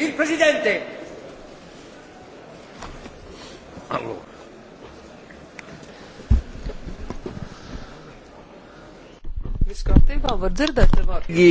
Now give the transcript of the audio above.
Il Presidente! Allora. Viss kārtībā var dzirdēt, te var. I,